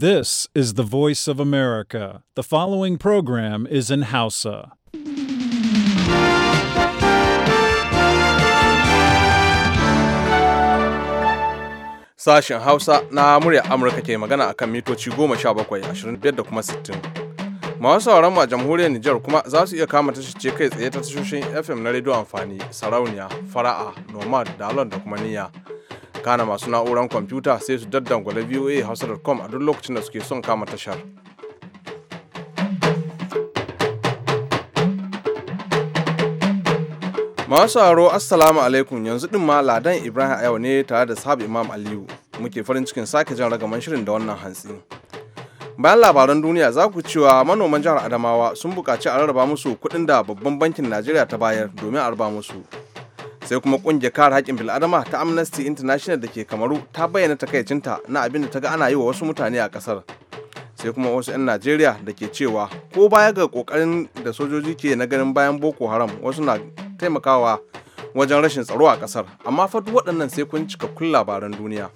This is the voice of America. The following program is in Hausa. Sashen Hausa na murya Amurka ke magana akan mitoci 17, da kuma 60. Masu sauran a jamhuriyar Nijar kuma za su iya kama tashoce kai tsaye ta tashoshin FM na rediyo amfani, sarauniya, fara'a, nomad, dalon da kuma niyya. kana masu na'uran kwamfuta sai su daddangwale voa hausa.com a duk lokacin da suke son kama tashar masu haro assalamu alaikum yanzu din ma ladan ibrahim ayawa ne tare da sahab imam aliyu muke farin cikin sake jan ragaman shirin da wannan hantsi bayan labaran duniya za ku cewa manoman jihar adamawa sun buƙaci a rarraba musu kuɗin da babban bankin najeriya ta bayar domin a raba musu sai kuma kungiyar kare haƙƙin bil'adama ta amnesty international da ke kamaru ta bayyana takaicinta na abin da ta ga ana yi wa wasu mutane a ƙasar sai kuma wasu 'yan najeriya da ke cewa ko baya ga kokarin da sojoji ke na ganin bayan boko haram wasu na taimakawa wajen rashin tsaro a kasar amma fa duk waɗannan sai kun cika kun labaran duniya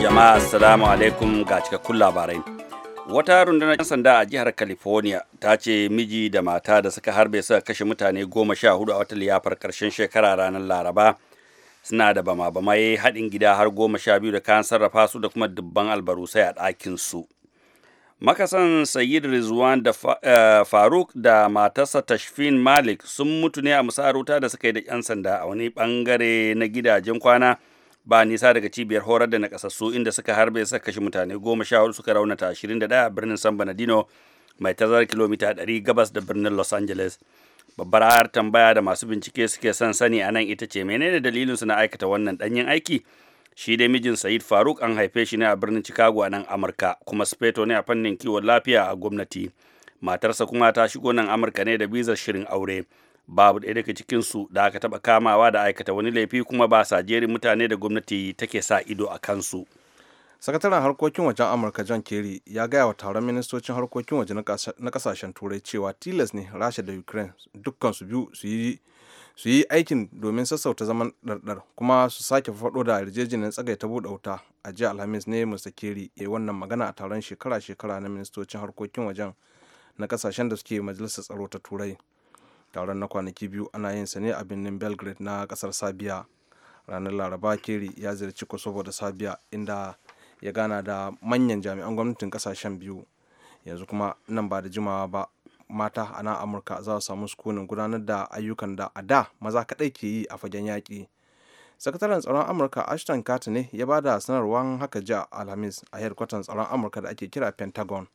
jama'a assalamu alaikum ga cikakkun labarai wata rundunar 'yan sanda a jihar california ta ce miji da mata da suka harbe suka kashe mutane goma sha hudu a wata liyafar karshen shekara ranar laraba suna da bama bama ya haɗin gida har goma sha biyu da kayan sarrafa su da kuma dubban albarusai a ɗakin su makasan sayyid rizwan da eh, faruk da matarsa tashfin malik sun mutu ne a musaruta wuta da suka yi da 'yan sanda a wani bangare na gidajen kwana ba nisa daga cibiyar horar da nakasassu inda suka harbe suka kashe mutane goma sha hudu suka raunata ashirin da ɗaya a birnin san bernardino mai tazarar kilomita ɗari gabas da birnin los angeles babbar ayar tambaya da masu bincike suke son sani a nan ita ce ne dalilin su na aikata wannan ɗanyen aiki shi dai mijin Said Faruk an haife shi ne a birnin Chicago a nan Amurka kuma speto ne a fannin kiwon lafiya a gwamnati matarsa kuma ta shigo nan Amurka ne da bizar shirin aure babu ɗaya daga cikinsu da aka taɓa kamawa da aikata wani laifi kuma ba sa jerin mutane da gwamnati take sa ido a kansu sakataren harkokin wajen amurka john kerry ya gaya wa taron ministocin harkokin waje na kasashen turai cewa tilas ne rasha da ukraine dukkan su biyu su yi aikin domin sassauta zaman ɗarɗar kuma su sake faɗo da yarjejeniyar ta buɗe wuta a jiya alhamis ne mr kerry ya yi wannan magana a taron shekara-shekara na ministocin harkokin wajen na kasashen da suke majalisar tsaro ta turai taron na kwanaki biyu ana yin sa ne a birnin belgrade na kasar sabiya ranar laraba keri ya ziyarci kosovo da sabiya inda ya gana da manyan jami'an gwamnatin kasashen biyu yanzu kuma nan ba da jimawa ba mata a nan amurka za su samu sukunin gudanar da ayyukan da a da maza kaɗai ke yi a fagen yaƙi sakataren tsaron amurka ashton carter ne ya ba da sanarwar haka a alhamis a hedkwatan tsaron amurka da ake kira pentagon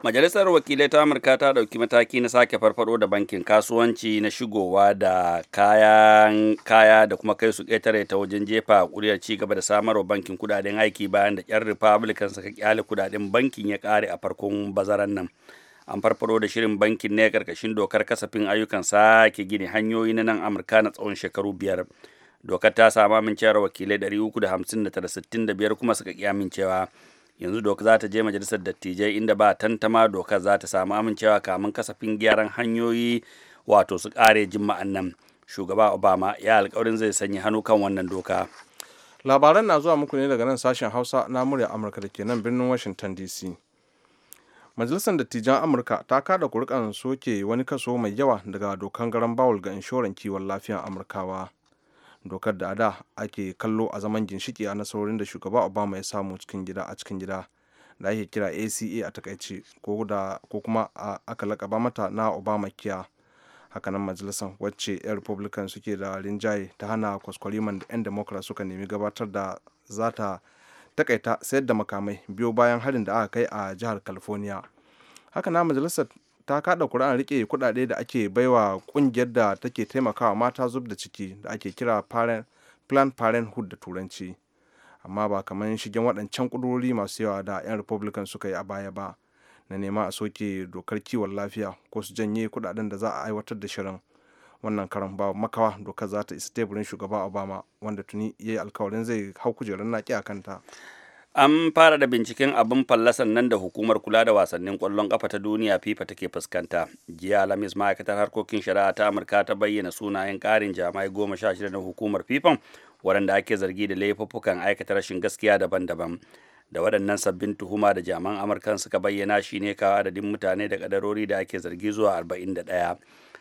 Majalisar Wakilai ta Amurka ta ɗauki mataki na sake farfado da bankin kasuwanci na shigowa da kayan kaya da kuma kai su ƙetare ta wajen jefa ƙuri'ar ci gaba da samarwa bankin kudaden aiki bayan da 'yan Republicans suka kyale kudaden bankin ya ƙare a farkon bazaran nan. An farfado da shirin bankin ne karkashin dokar kasafin ayyukan sake gini hanyoyi na nan Amurka na tsawon shekaru biyar. Dokar ta samu amincewar wakilai 359 kuma suka ƙi amincewa. cewa. yanzu doka za ta je majalisar dattijai inda ba tantama dokar za ta samu amincewa kamun kasafin gyaran hanyoyi wato su kare jima'an nan shugaba obama ya alkawarin zai sanya hannu kan wannan doka labaran na zuwa muku ne daga nan sashen hausa na murya amurka da ke nan birnin washington dc majalisar dattijan amurka ta kada kurikan soke wani kaso mai yawa daga dokan garan bawul ga inshoran kiwon lafiyan amurkawa dokar da a da ake kallo a zaman ginshiki a nasarorin da shugaba obama ya samu cikin gida a cikin gida da ake kira aca a takaice ko kuma aka lakaba mata na obama kiya hakanan majalisar wacce 'yan republican suke da rinjaye ta hana kwaskwariman da 'yan democrat suka nemi gabatar da za ta takaita sayar da makamai biyo bayan harin da aka kai a jihar california haka na majalisar ta kada kur'an rike kudade da ake baiwa kungiyar da take taimakawa mata zub da ciki da ake kira planned parenthood da turanci amma ba kamar shigen waɗancan kudurori masu yawa da 'yan republican suka yi a baya ba na nema a soke dokar kiwon lafiya ko su janye kudaden da za a aiwatar da shirin wannan karan ba makawa dokar za ta isa teburin shugaba obama wanda tuni ya yi alkawarin zai hau kujerar naki a kanta an fara da binciken abin fallasan nan da hukumar kula da wasannin kwallon kafa ta duniya fifa take fuskanta jiya alhamis ma'aikatar harkokin shari'a ta amurka ta bayyana sunayen karin jami'ai goma sha shida na hukumar fifa waɗanda ake zargi da laifuffukan aikata rashin gaskiya daban-daban da waɗannan sabbin tuhuma da jaman amurkan suka bayyana shine kawo adadin mutane da kadarori da ake zargi zuwa arba'in da ɗaya.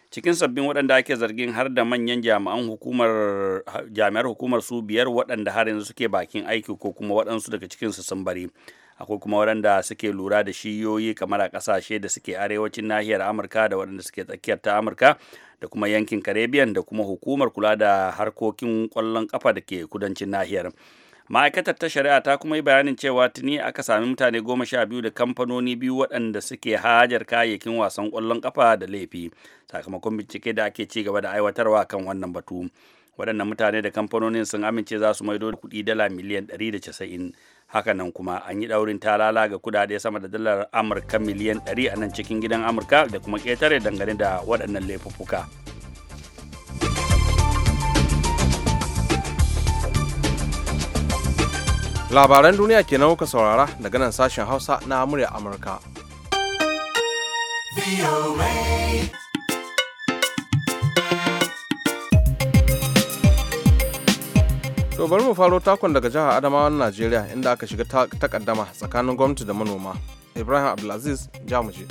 cikin sabbin waɗanda ake zargin har da manyan jami'an hukumar jami'ar hukumar su biyar waɗanda har yanzu suke bakin aiki ko kuma waɗansu daga cikinsu sun bari akwai kuma waɗanda suke lura da shiyoyi kamar a ƙasashe da suke arewacin nahiyar amurka da waɗanda suke tsakiyar ta amurka da kuma yankin caribbean da kuma hukumar kula da harkokin ƙwallon kafa da ke kudancin nahiyar ma'aikatar ta shari'a ta kuma yi bayanin cewa tuni aka sami mutane goma sha biyu da kamfanoni biyu waɗanda suke hajar kayayyakin wasan ƙwallon kafa da laifi sakamakon bincike da ake ci gaba da aiwatarwa kan wannan batu waɗannan mutane da kamfanonin sun amince za su maido da kuɗi dala miliyan da ɗari casa'in hakanan kuma an yi ɗaurin talala ga kudade sama da dalar amurka miliyan 100 a nan cikin gidan amurka da kuma ƙetare dangane da waɗannan laifuffuka. labaran duniya ke kuka saurara daga nan sashen hausa na murya amurka To bari mu faro takon daga jihar Adamawa na Najeriya inda aka shiga takaddama tsakanin gwamnati da manoma. Ibrahim Abdulaziz Jamuje.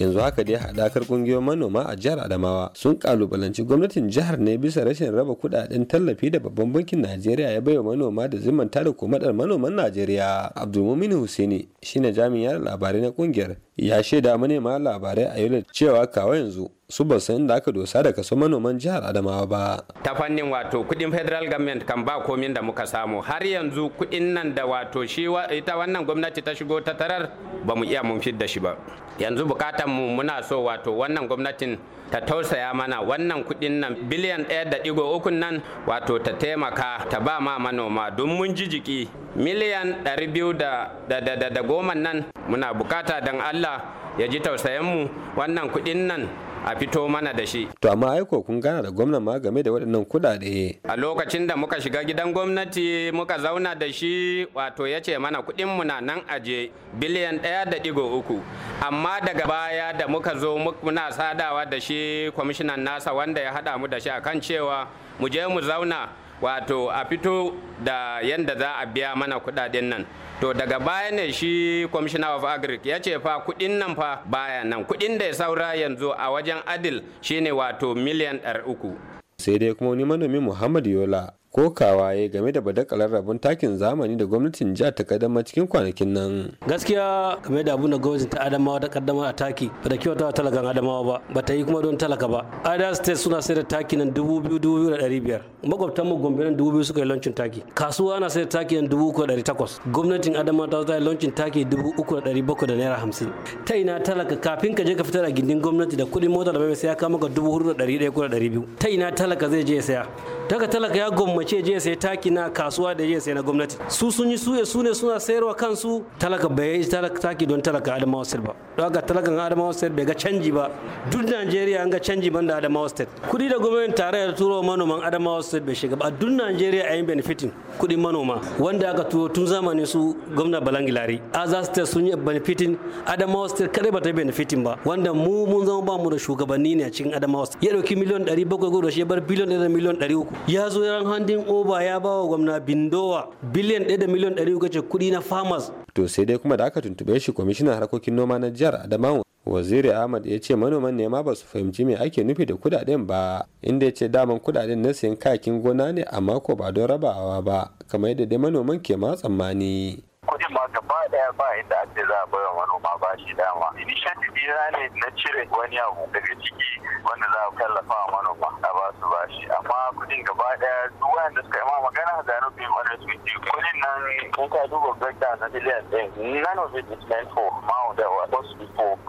yanzu haka dai haɗakar ƙungiyoyin manoma a jihar adamawa sun kalubalanci gwamnatin jihar ne bisa rashin raba kuɗaɗen tallafi da babban bankin najeriya ya baiwa manoma da zimanta da komadar manoman najeriya abdulmumin husaini shine jami'an labarai na ƙungiyar ya shaida manema labarai a yau cewa kawo yanzu su ba san da aka dosa da kaso manoman jihar Adamawa ba. Ta fannin wato kudin federal government kan ba komin da muka samu har yanzu kudin nan da wato shi ita wannan gwamnati ta shigo ta tarar ba mu iya mun da shi ba. yanzu bukatan mu muna so wato wannan gwamnatin ta tausaya mana wannan kudin nan biliyan ɗaya da ɗigo ukun nan wato ta taimaka ta ba ma manoma don mun ji jiki miliyan ɗari biyu da goma nan muna bukata don allah ya ji tausayin mu wannan kudin nan a fito mana da shi to amma aiko kun gana da gwamna ma game da waɗannan kuɗaɗe a lokacin da muka shiga gidan gwamnati muka zauna da shi wato ya ce mana kuɗin mu na nan aje biliyan ɗaya da ɗigo uku amma daga baya da muka zo muna sadawa da shi kwamishinan nasa wanda ya haɗa mu da shi akan cewa mu je mu zauna wato a fito da yadda za a biya mana kuɗaɗen nan to daga baya ne shi commissioner of agric ya ce fa kudin nan fa baya nan kudin da ya saura yanzu a wajen adil shine wato miliyan 300 sai dai kuma wani manomi muhammad yola ko kawaye game da badakalar rabon takin zamani da gwamnatin jihar ta kaddama cikin kwanakin nan gaskiya game da abun da gwamnatin ta adamawa ta kaddama a taki ba da kyauta wa talakan adamawa ba ba ta yi kuma don talaka ba Adar state suna sayar da taki nan dubu biyu dubu biyu da ɗari biyar makwabtan mu gombe nan dubu biyu suka yi launcin taki kasuwa ana sayar da taki nan dubu uku da ɗari takwas gwamnatin adamawa ta yi launcin taki dubu uku da ɗari bakwai da naira hamsin ta ina talaka kafin ka je ka fitar a gindin gwamnati da kuɗin mota da mai sai ya kama ka dubu hudu da ɗari ɗaya ko da ɗari biyu ta ina talaka zai je ya saya daga talaka ya gomma mace je sai taki na kasuwa da je sai na gwamnati su sun yi suye su ne suna sayarwa kansu talaka bai yi taki don talaka adamawa state ba don haka talakan adamawa state bai ga canji ba duk najeriya an ga canji banda adamawa state kudi da gwamnatin tarayya da turo manoman adamawa state bai shiga ba duk najeriya a yi benefitin kudin manoma wanda aka turo tun zamanin su gwamna balangilari aza state sun yi benefitin adamawa state kadai ba ta benefitin ba wanda mu mun zama ba mu da shugabanni ne a cikin adamawa state ya dauki miliyan 700 shi ya bar biliyan 1 miliyan 300 ya zo ya ran standing over ya bawa gwamna bindowa biliyan ɗaya da miliyan ɗari uku ce kuɗi na farmers. to sai dai kuma da aka tuntuɓe shi kwamishinan harkokin noma na jihar adamawa waziri ahmad ya ce manoman ne ma ba su fahimci me ake nufi da kudaden ba inda ya ce daman kudaden na sayan kakin gona ne a mako ba don rabawa ba kamar yadda dai manoman ke ma tsammani kuɗin ma gaba ɗaya ba inda a ce za a manoma ba shi dama initiative dina ne na cire wani abu daga ciki wanda za a tallafa wa manoma a ba su ba shi amma kudin gaba daya duk da suka yi ma magana da biyu wani su ji kudin nan kuka duba breakdown na billion ɗin none of it is meant for amount that was supposed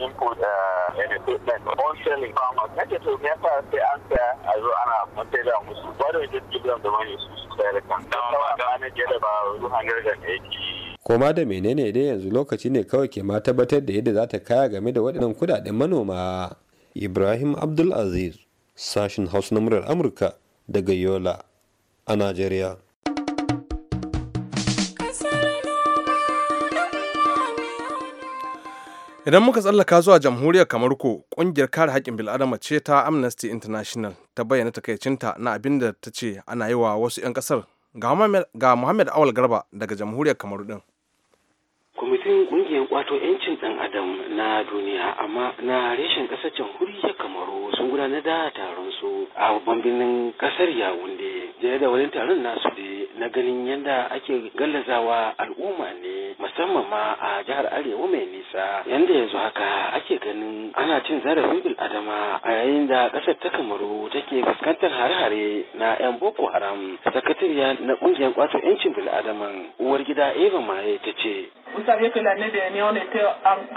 input uh, and equipment on selling farmers. Na to me yasa sai an saya a zo ana mantaila musu. Why don't you just give them the money su su sayar da kan. That's how I manage it about 280 koma da menene dai yanzu lokaci ne kawai ke ma tabbatar da yadda za ta kaya game da waɗannan kudaden manoma ibrahim abdulaziz sashen hausa na murar amurka daga yola a najeriya idan muka tsallaka zuwa jamhuriyar kamar ko kungiyar kare haƙƙin bil'adama ce ta amnesty international ta bayyana takaicinta na abin da ta ce ana yi wa wasu 'yan ƙasar ga muhammad awal garba daga jamhuriyar kamaru ɗin. kwamitin ƙungiyar kwato 'yancin dan adam na duniya amma na reshen kasar jamhuriyar kamaru sun gudanar da taron su a babban birnin kasar yawunde da da wani taron nasu da na ganin yadda ake gallazawa al'umma ne musamman ma a jihar Arewa mai nisa yanda yanzu haka ake ganin ana cin zarafin bil adama a yayin da ƙasar ta Kamaru take fuskantar hare-hare na 'yan Boko Haram. Sakatariya na ƙungiyar kwato 'yancin bil adaman uwar gida Eva Maye ta ce. Vous savez que l'année dernière on était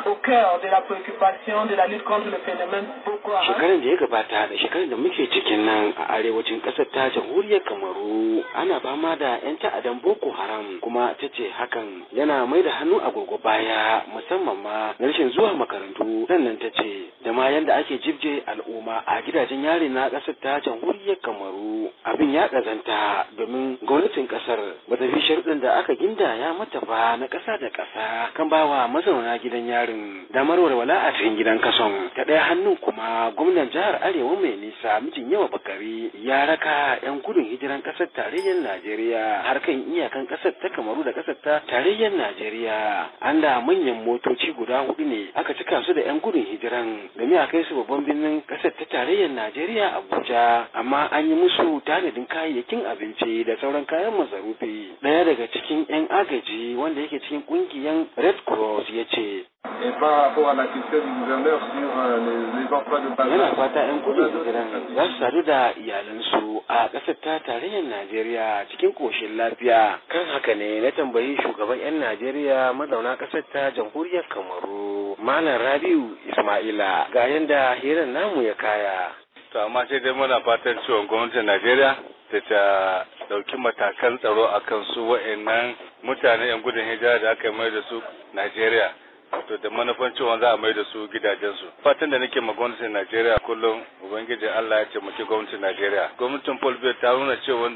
au cœur de la préoccupation de la lutte contre le phénomène Shekarar da ya gabata da shekarar da muke cikin nan a arewacin ƙasar ta jamhuriyar kamaru ana fama da 'yan ta'adan boko haram kuma ta ce hakan yana mai da hannu agogo baya musamman ma na rashin zuwa makarantu sannan ta ce da ma yanda ake jibje al'umma a gidajen yari na ƙasar ta jamhuriyar kamaru abin ya ƙazanta domin gwamnatin ƙasar bata fi sharɗin da aka gindaya mata ba na ƙasa da ƙasa kan bawa mazauna gidan yarin damar walwala a cikin gidan kason ta ɗaya hannun kuma gwamnan jihar arewa mai nisa mijin yawa bakari ya raka yan gudun hijiran kasar tarayyar najeriya har kan iyakan kasar ta kamaru da kasar ta tarayyar najeriya an da manyan motoci guda hudu ne aka cika su da yan gudun hijiran game a kai su babban birnin kasar ta tarayyar najeriya abuja amma an yi musu tanadin kayayyakin abinci da sauran kayan masarufi ɗaya daga cikin yan agaji wanda yake cikin kungiyan red cross ya ce et par rapport à la question du gouverneur sur euh, les, les emplois de base. Yana fata 'yan gudun hijiran za su sadu da iyalansu a ƙasar ta tarayyar Najeriya cikin ƙoshin lafiya. Kan haka ne na tambayi shugaban 'yan Najeriya mazauna ƙasar ta jamhuriyar Kamaru. Malam Rabiu Ismaila ga yadda hirar namu ya kaya. To amma sai dai muna fatan cewa gwamnatin Najeriya da ta ɗauki matakan tsaro akan su wa'annan mutane 'yan gudun hijira da aka mai da su Najeriya. wato da manufan cewa za a mai da su gidajensu fatan da nake ma gwamnatin najeriya kullum ubangiji allah ya taimaki gwamnatin najeriya gwamnatin paul ta nuna cewa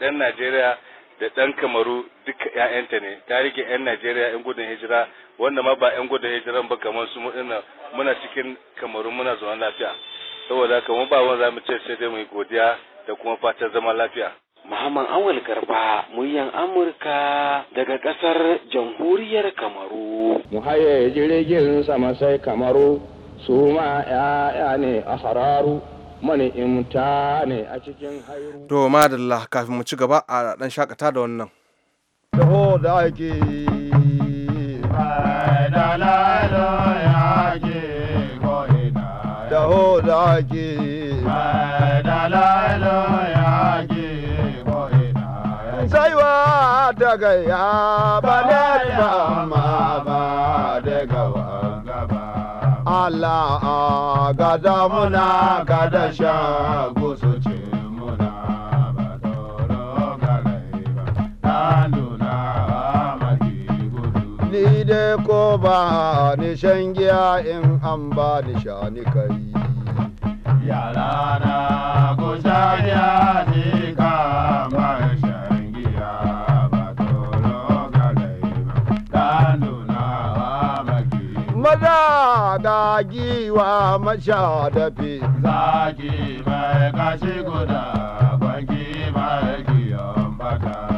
dan najeriya da dan kamaru duka ‘ya'yanta ne ta rike ‘yan najeriya ‘yan gudun hijira wanda ma ba ‘yan gudun hijiran ba kamar su muna muna cikin kamaru muna zaman lafiya saboda haka mu ba wanda za mu ce sai dai mu godiya da kuma fatan zaman lafiya Muhammad Awal Garba muryan Amurka daga ƙasar jamhuriyar Kamaru. Mu haye jirgin sama sai Kamaru su ma ‘ya'ya ne a hararu. Mani imta ne a cikin hairu. To madalla kafin mu ci gaba a ɗan shakata da wannan. Daho da ake da ya ke da ake gaya ba ne da ma ba de gawa gaba. Ala a gada muna gada sha gusu ce muna ba toro galai ba. Ta nuna maki gudu. Ni de ko ba ni shan in an ba ni sha ni kai. Yara na ku sha giya ni kamar mata da giwa masha dafi zaki mai kashi guda kwanki mai giyon baka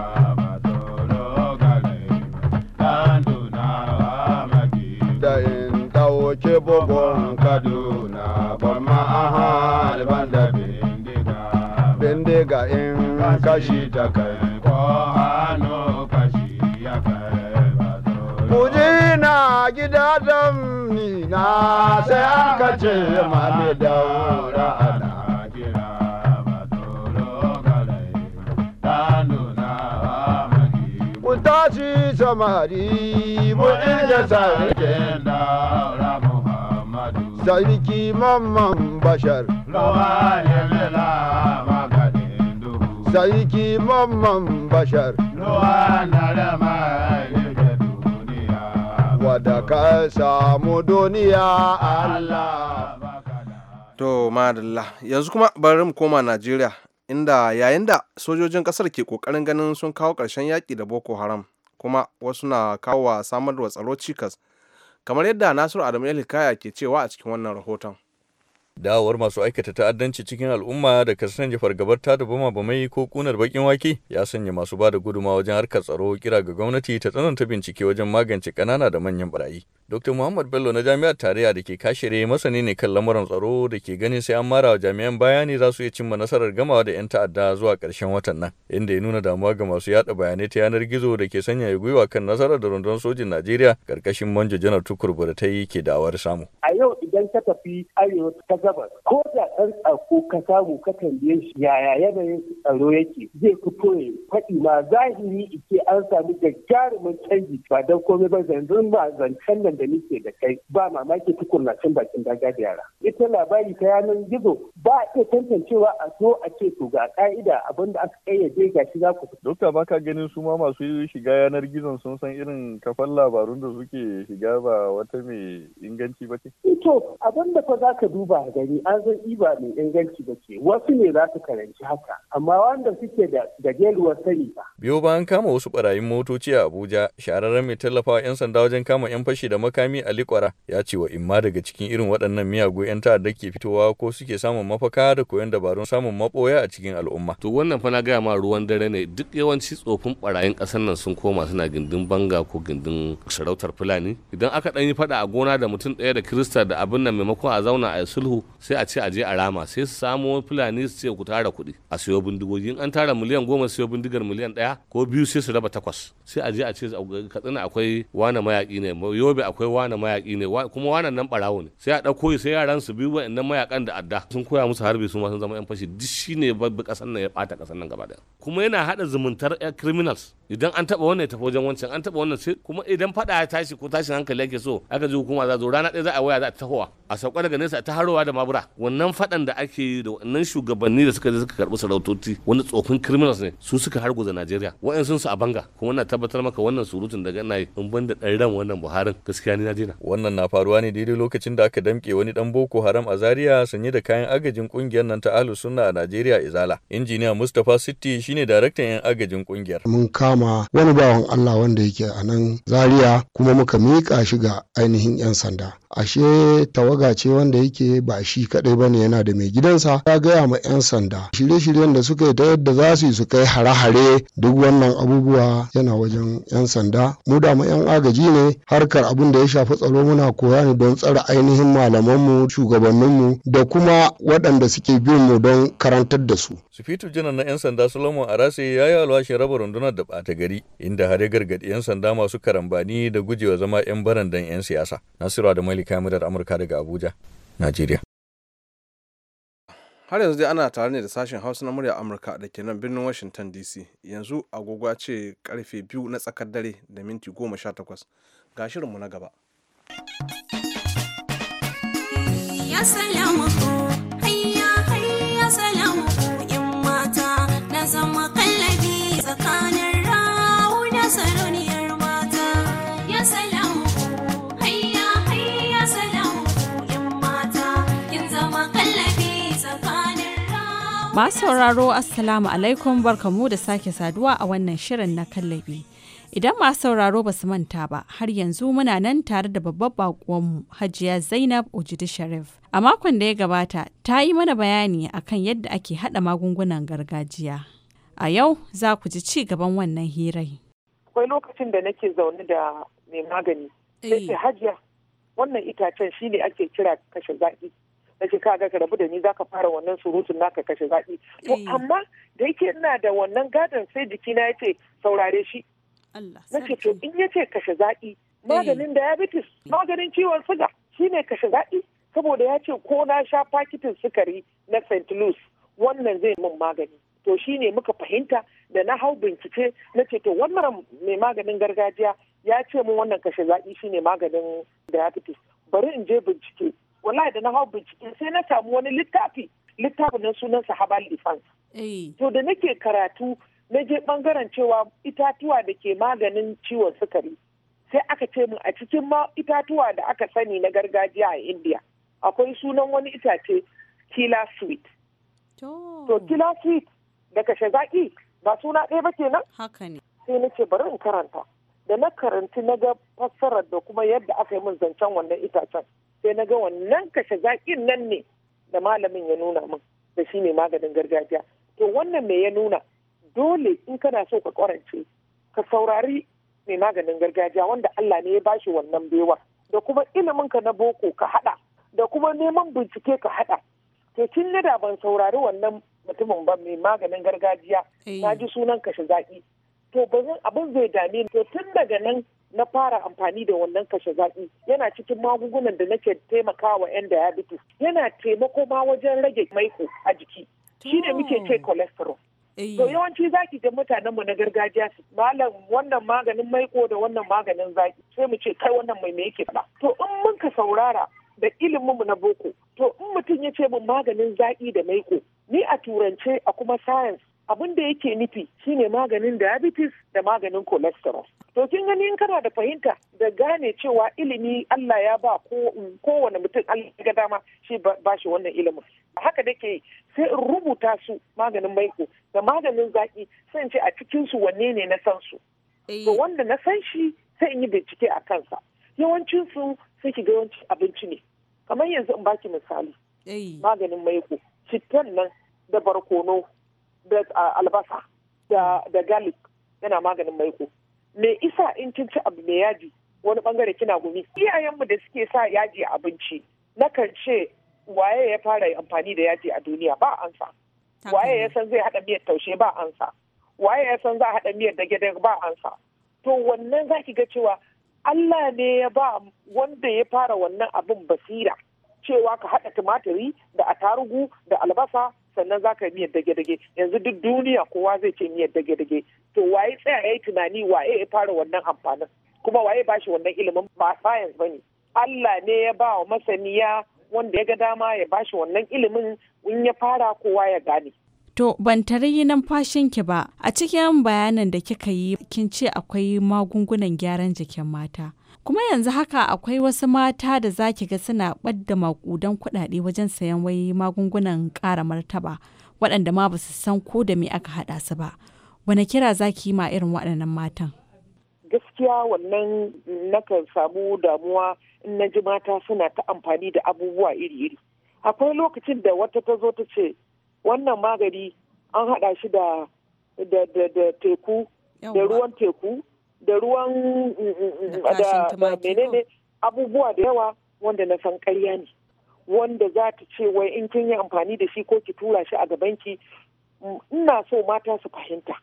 Ke bugun Kaduna ban ma'ahal ban da bindiga. Bindiga in kashi ta kai ko hannu kashi ya kai ba na gida dam ni na sai aka ce mani daura ana kira batoro kalai ta nuna wa magi ku tashi samari mu inda sarkin daura muhammadu sarki mamman bashar rawa ya mila maganin duhu sarki mamman bashar rawa na da wadda ka samu duniya Allah To madalla yanzu kuma bari mu koma Najeriya inda yayin da sojojin kasar ke kokarin ganin sun kawo ƙarshen yaƙi da Boko Haram kuma wasu na kawo wa samar da tsaro cikas kamar yadda Nasiru Adamu Hikaya ke cewa a cikin wannan rahoton. dawowar masu aikata ta'addanci cikin al'umma da kasance gabar ta da bama ko kunar bakin wake ya sanya masu ba da guduma wajen harkar tsaro kira ga gwamnati ta tsananta bincike wajen magance kanana da manyan barayi dr muhammad bello na jami'ar tarayya da ke kashere masani ne kan lamuran tsaro da ke ganin sai an mara wa jami'an bayani za su iya cimma nasarar gamawa da 'yan ta'adda zuwa ƙarshen watan nan inda ya nuna damuwa ga masu yada bayanai ta yanar gizo da ke sanya gwiwa kan nasarar da rundunar sojin najeriya ƙarƙashin manjo janar tukur ta yi ke dawar samu idan ka tafi arewa ta gabas ko da ɗan tsako ka samu ka tambaye shi yaya yanayin tsaro yake zai fito ya faɗi ma zahiri ike an samu gagarumin canji ba don komai ba zanzan ba zancen nan da nake da kai ba mamaki tukunna cin bakin daga da yara ita labari ta yanar gizo ba iya tantancewa a so a ce to ga ka'ida abin da aka kayyade ga shi za ku dokta ka ganin su ma masu shiga yanar gizon sun san irin kafan labarun da suke shiga ba wata mai inganci ba ce eh, to abin da fa za ka duba a gani an san iba mai inganci ba ce wasu ne za su karanci haka amma wanda suke da gajeruwar sani ba. biyo bayan kama wasu barayin motoci a abuja shahararren mai tallafawa 'yan sanda wajen kama 'yan fashi da makami a likwara ya ce wa imma daga cikin irin waɗannan miyagu 'yan ta'adda ke fitowa ko suke samun mafaka da koyon dabarun samun maboya a cikin al'umma. to wannan fa na gaya ma ruwan dare ne duk yawanci tsofin barayin ƙasar nan sun koma suna gindin banga ko gindin sarautar fulani idan aka ɗan yi faɗa a gona da mutum ɗaya da kirista da abin nan maimakon a zauna a sulhu sai a ce a je a rama sai su samo fulani su ce ku tara kuɗi a siyo bindigogi in an tara miliyan goma siyo bindigar miliyan ɗaya ko biyu sai su raba takwas sai a je a ce katsina akwai wane mayaƙi ne yobe akwai wane mayaƙi ne kuma wane nan ɓarawo ne sai a ɗauko sai yaran su biyu wa'annan mayaƙan da adda sun koya musu harbi su ma sun zama yan fashi duk shi ne babbi ƙasar nan ya ɓata ƙasar nan gaba ɗaya kuma yana haɗa zumuntar criminals idan an taɓa wannan ya tafi wajen wancan an taɓa wannan sai kuma idan faɗa ya tashi ko tashin hankali yake so aka ji hukuma za zo rana ɗaya za a waya za a taho Boa. a sauka daga nesa ta harowa da mabura wannan fadan da ake yi da wannan shugabanni da suka je suka karɓi sarautoci wani tsofin criminals ne su suka harguza Najeriya wa'ansu su a banga kuma na tabbatar maka wannan surutun daga ina in ban da dan ran wannan Buharin gaskiya ni na dina wannan na faruwa ne daidai lokacin da aka damke wani dan Boko Haram a Zaria sanye da kayan agajin kungiyar nan ta Ahlus Sunna a Najeriya Izala injiniya Mustapha Sitti shine daraktan yan agajin kungiyar mun kama wani bawan Allah wanda yake a nan Zaria kuma muka mika shi ga ainihin yan sanda ashe tawaga ce wanda yake ba shi kadai ba ne yana da mai gidansa ya gaya ma 'yan sanda shirye-shiryen da suka yi ta yadda za su yi su kai hare-hare duk wannan abubuwa yana wajen 'yan sanda mu da mu 'yan agaji ne harkar abin da ya shafi tsaro muna koya ne don tsare ainihin malamanmu shugabanninmu da kuma waɗanda suke bin mu don karantar da su sufitu janar na 'yan sanda solomon arase ya yi alwashin raba rundunar da bata gari inda har ya 'yan sanda masu karambani da gujewa zama 'yan barandan 'yan siyasa nasiru da malika murar amurka daga abu Abuja, Najeriya. Har yanzu dai ana tare ne da sashen Hausa na murya Amurka da ke nan birnin Washington DC. Yanzu agogwa ce karfe biyu na tsakar dare da minti goma sha takwas. Ga shirinmu na gaba. Ya salamu Masu sauraro Assalamu alaikum barkamu da sake saduwa a wannan shirin na kallabi. Idan masu sauraro ba su manta ba, har yanzu muna nan tare da babbar mu, Hajiya Zainab Ojidi Sharif. A makon da ya gabata, ta yi mana bayani akan yadda ake haɗa magungunan gargajiya. A yau za ku ji ci gaban wannan hirai. Akwai lokacin da nake zaune da mai magani, eh. sai Hajiya, wannan itacen shine ake kira kashe zaƙi. na ga ka rabu da ni zaka fara wannan surutun naka kashe zaki to eh. amma da yake ina da wannan gadon sai jikina yace saurare shi ce to in yace kashe zaki maganin eh. diabetes maganin ciwon suga shine kashe zaki saboda ya ce ko na sha fakitin sukari na St. Louis wannan zai min magani to shine muka fahimta da na hau bincike na ce to wannan mai maganin gargajiya ya ce mun wannan kashe zaki shine maganin diabetes bari in je bincike wallahi da na hau bincike sai na samu wani littafi littafin na sunan sahabal defense eh. to da nake karatu na je bangaren cewa itatuwa da ke maganin ciwon sukari sai aka ce min a cikin ma itatuwa da aka sani na gargajiya a india akwai sunan wani itace kila sweet to kila sweet daga shazaki ba suna ɗaya ba kenan haka ne sai na ce bari in karanta da na karanti na ga fassarar da kuma yadda aka yi min zancen wannan itacen sai na ga wannan kashe zakin nan ne da malamin ya nuna min da shi ne maganin gargajiya to wannan me ya nuna dole in kana so ka kwarance ka saurari mai maganin gargajiya wanda Allah ne ya bashi wannan baiwa da kuma ilimin ka na boko ka hada da kuma neman bincike ka hada to tun da ban saurari wannan mutumin ba mai maganin gargajiya na eh. ji sunan kashe zaki to ban abin zai dame to tun daga nan na fara amfani da wannan kashe zaƙi yana cikin magungunan da nake taimakawa 'yan diabetes yana taimako ma wajen rage maiko a jiki shi ne muke ce cholesterol eh. to yawanci zaki ga mutanen mu na gargajiya su malam wannan maganin maiko da wannan maganin zaki sai mu ce kai wannan mai me yake faɗa to in mun ka saurara da ilimin mu na boko to in mutum ya ce mun maganin zaki da maiko ni a turance a kuma science abin da yake nufi shine maganin diabetes da maganin cholesterol to kin gani in kana da fahimta da gane cewa ilimi Allah ya ba kowane mutum Allah ga dama shi ba shi wannan ilimin A haka da ke sai in rubuta su maganin maiko da maganin zaki sai ce a cikin su wanne ne na san su eh. to wanda na san shi sai in yi bincike a kansa yawancin su sai ki ga yawanci abinci ne kamar yanzu in baki misali eh. maganin maiko cittan nan da barkono a ah, albasa da garlic yana maganin maiko me isa in kin ci abu mai yaji wani bangare kina gumi iyayenmu da suke sa yaji a abinci na ce waye ya fara amfani da yaji a duniya ba ansa waye ya san zai haɗa miyar taushe ba ansa waye ya san za a haɗa miyar dage ba ansa to wannan za ga cewa Allah ne ya ba wanda ya fara wannan abin basira cewa ka haɗa tumatiri da atarugu da albasa sannan za ka miyar dage-dage yanzu duk duniya kowa zai ce miyar dage-dage to waye tsaya ya yi tunani waye ya fara wannan amfanin kuma waye ba shi wannan ilimin ba science ba ne Allah ne ya ba wa masaniya wanda ya ga dama ya ba shi wannan ilimin in ya fara kowa ya gane. To ban yi numfashin ki ba a cikin bayanan da kika yi kin ce akwai magungunan gyaran jikin mata. kuma yanzu haka akwai wasu mata da za ki ga suna ɓadda maƙudan kuɗaɗe wajen sayan wai magungunan ƙara martaba waɗanda ma basu san ko da me aka haɗa su ba wani kira za ki yi ma irin waɗannan matan gaskiya wannan nakan samu damuwa in na ji mata suna ta amfani da abubuwa iri-iri akwai lokacin da wata ta zo ta ce wannan magani an haɗa shi da teku da ruwan teku da ruwan mm, mm, mm, da menene oh. abubuwa da yawa wanda na san karya ne wanda za ta ce wai in kin yi amfani da shi ko ki tura shi a gabanki ina so mata su fahimta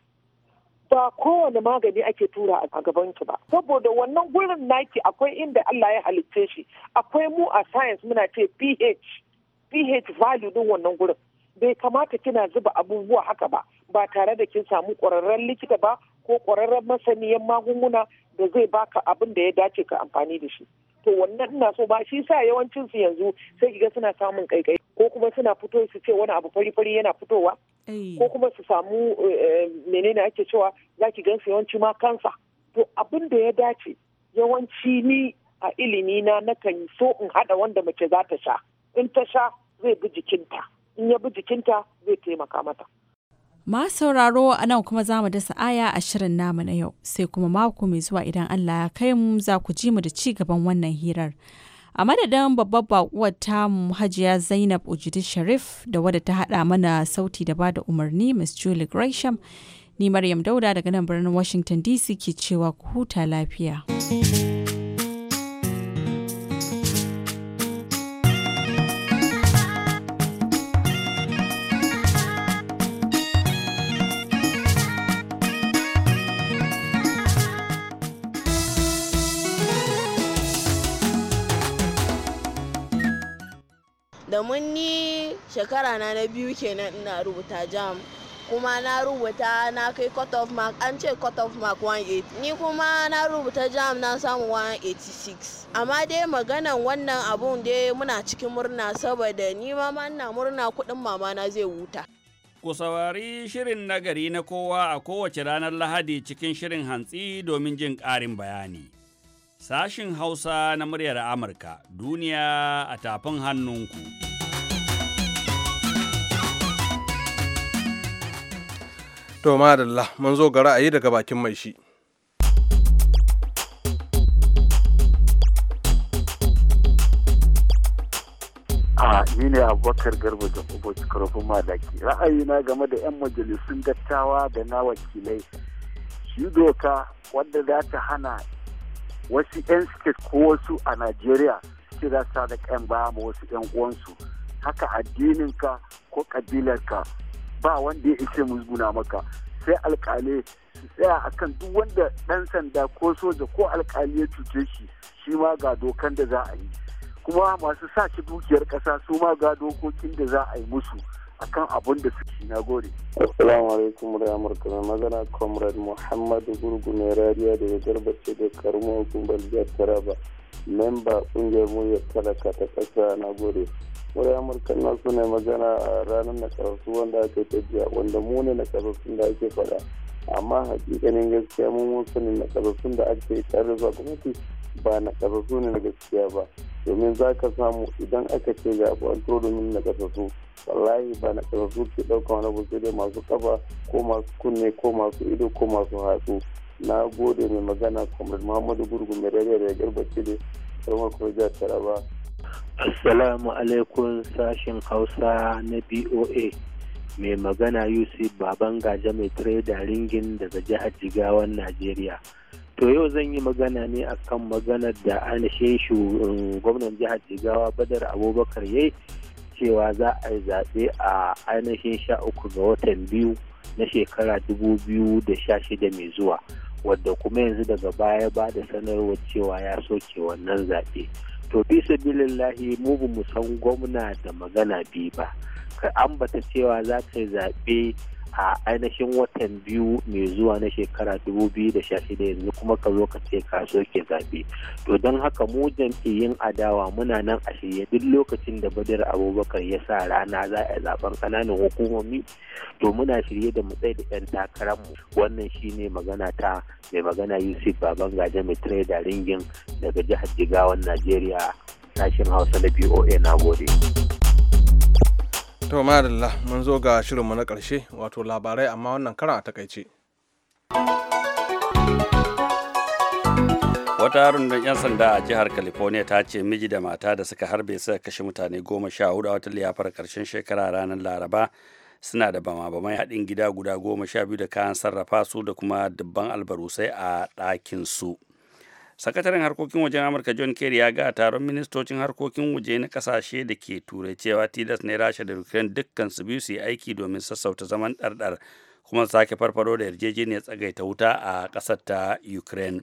ba kowane magani ake tura a gabanki ba saboda wannan gurin naki akwai inda Allah ya halicce shi akwai mu a science muna ce pH pH value din wannan gurin bai kamata kina zuba abubuwa haka ba ba tare da kin samu ƙwararren likita ba ko ƙwararren masaniyan magunguna da zai baka abin da ya dace ka amfani da shi to wannan ina so ba shi sa yawancin su yanzu sai kiga suna samun kaikai ko kuma suna fito su ce wani abu fari fari yana fitowa eh. ko kuma su samu eh, menene ake cewa za ki gan su yawanci ma kansa to abin da ya dace yawanci ni a ilimi na nakan so in hada wanda mace za ta sha in ta sha zai bi jikinta in ya bi jikinta zai taimaka mata Ma sauraro a nan kuma za mu dasa aya a shirin namu na yau sai kuma mako mai zuwa idan Allah ya kai mu za ku ji mu da ci gaban wannan hirar. A madadin babbar bakuwar tamu Hajiya Zainab Ujidi Sharif da wadda ta haɗa mana sauti da bada umarni Miss Julie Gresham ni Maryam Dauda daga nan birnin Washington DC ke cewa ku huta lafiya. shekara na na biyu kenan ina rubuta jam kuma na rubuta na kai cut of mark an ce cut of mark 180 ni kuma na rubuta jam na samu 186 amma dai maganan wannan abun dai muna cikin murna saboda ni ma ina murna kuɗin mama na zai wuta ku saurari shirin nagari na kowa a kowace ranar lahadi cikin shirin hantsi domin jin ƙarin bayani sashin hausa na muryar amurka duniya a tafin hannunku. ku To madalla mun zo ga ra'ayi daga bakin mai shi. a ni ne abubakar garba da kuboci karfin malaki ra'ayina game da 'yan majalisun dattawa da na wakilai shi doka wadda za ta hana wasu 'yan suke ko wasu a najeriya suke za su da kan baya ma wasu 'yan uwansu haka addinin ka ko ka. ba wanda ya ishe musguna maka sai alkali su tsaya akan duk wanda ɗan sanda ko soja ko alkali ya cuce shi shi ma ga dokan da za a yi kuma masu sa ci dukiyar ƙasa su ma ga dokokin da za a yi musu akan abun da suke na gore. Assalamu alaikum da Amurka mai magana Comrade Muhammadu Gurgu ne rariya da ya garbace da karmo hukumar jihar Taraba. Memba ƙungiyar muryar talaka ta ƙasa na gore. wani amurka na ne magana a ranar na karatu wanda aka yi wanda mu ne na karatu da ake faɗa amma hakikanin gaskiya mun wasu ne na karatu da ake tare da gwamnati ba na karatu ne na gaskiya ba domin za ka samu idan aka ce ga abuwan domin na karatu wallahi ba na karatu ke dauka wani abu sai dai masu kafa ko masu kunne ko masu ido ko masu hatsu na gode mai magana kamar muhammadu gurgu mai ya garba ce da sauran kuma jihar taraba Assalamu alaikum sashen Hausa na BOA. Mai magana Yusuf Baban Gaja mai Trader Ringin daga jihar Jigawan Najeriya. To yau zan yi magana ne akan maganar da ainihin gwamnan jihar Jigawa Badar Abubakar yayi cewa za a yi zaɓe a ainihin sha uku ga watan biyu na shekara dubu biyu da sha shida mai zuwa wadda kuma yanzu daga baya ba da sanarwar cewa ya soke wannan zaɓe. to fi lahi mu ba mu san gwamna da magana bi ba ka ambata cewa za ka yi zaɓe a ainihin watan biyu mai zuwa na shekara 2016 yanzu kuma ka zo ka ce ka ke zaɓe to don haka mu jam'iyyun adawa muna nan a shirye duk lokacin da badar abubakar ya sa rana za a zaben kananan hukumomi to muna shirye da mu tsaye da 'yan takarar mu wannan shine magana ta mai magana yusuf gaje mai tare da ringin daga jihar jigawan najeriya sashen hausa na boa na gode. To madalla mun zo ga shirinmu na ƙarshe wato labarai amma wannan karan a takaice. Wata rundun 'yan sanda a jihar California ta ce miji da mata da suka harbe suka kashe mutane goma sha hudu a wata liyafar karshen shekara ranar Laraba suna da bama-bamai haɗin gida guda goma sha biyu da kayan sarrafa su da kuma dubban albarusai a ɗakin su. sakataren harkokin wajen amurka john kerry ya ga taron ministocin harkokin waje na kasashe da ke turai cewa tilas ne rasha da ukraine dukkan su biyu su yi aiki domin sassauta zaman ɗarɗar kuma sake farfado da yarjejeniyar tsagaita wuta a ƙasar ta ukraine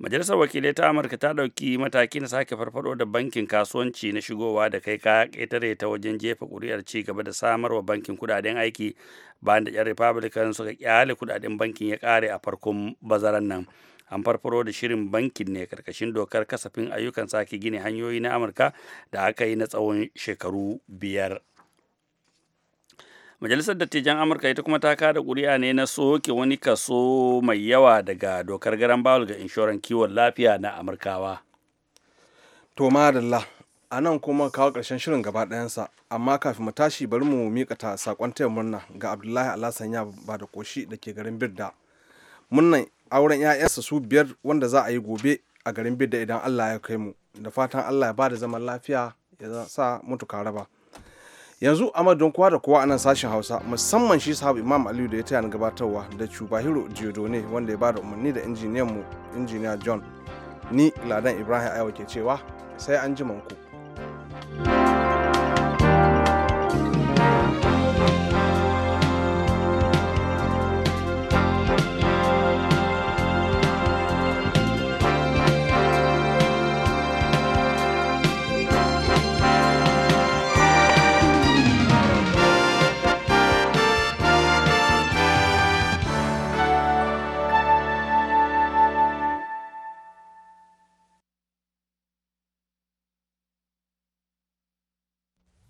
majalisar wakilai ta amurka ta ɗauki mataki na sake farfado da bankin kasuwanci na shigowa da kai kaya ƙetare ta wajen jefa ƙuri'ar ci gaba da samarwa bankin kudaden aiki bayan da 'yan republican suka kyale kudaden bankin ya ƙare a farkon bazaran nan an farfaro da shirin bankin ne karkashin dokar kasafin ayyukan sake gini hanyoyi na amurka da aka yi na tsawon shekaru biyar majalisar dattijan amurka ita kuma ta kada kuri'a ne na soke wani kaso mai yawa daga dokar garan bawul ga inshoran kiwon lafiya na amurkawa to madalla a nan kuma kawo karshen shirin gaba ɗayansa amma kafin mu tashi bari mu miƙa ta saƙon taya murna ga abdullahi alhassan ya ba da koshi da ke garin birda murnan auren 'ya'yansa su biyar wanda za a yi gobe a garin bidda idan allah ya kai mu da fatan allah ya ba da zaman lafiya ya sa mutu raba yanzu a don kowa da kowa a nan sashen hausa musamman shi sahabu imam aliyu da ya taya gabatarwa da cubahiro ne wanda ya ba da umarni da injiniyan mu injiniya john ni ladan ibrahim ayawa ke cewa sai an ji manku.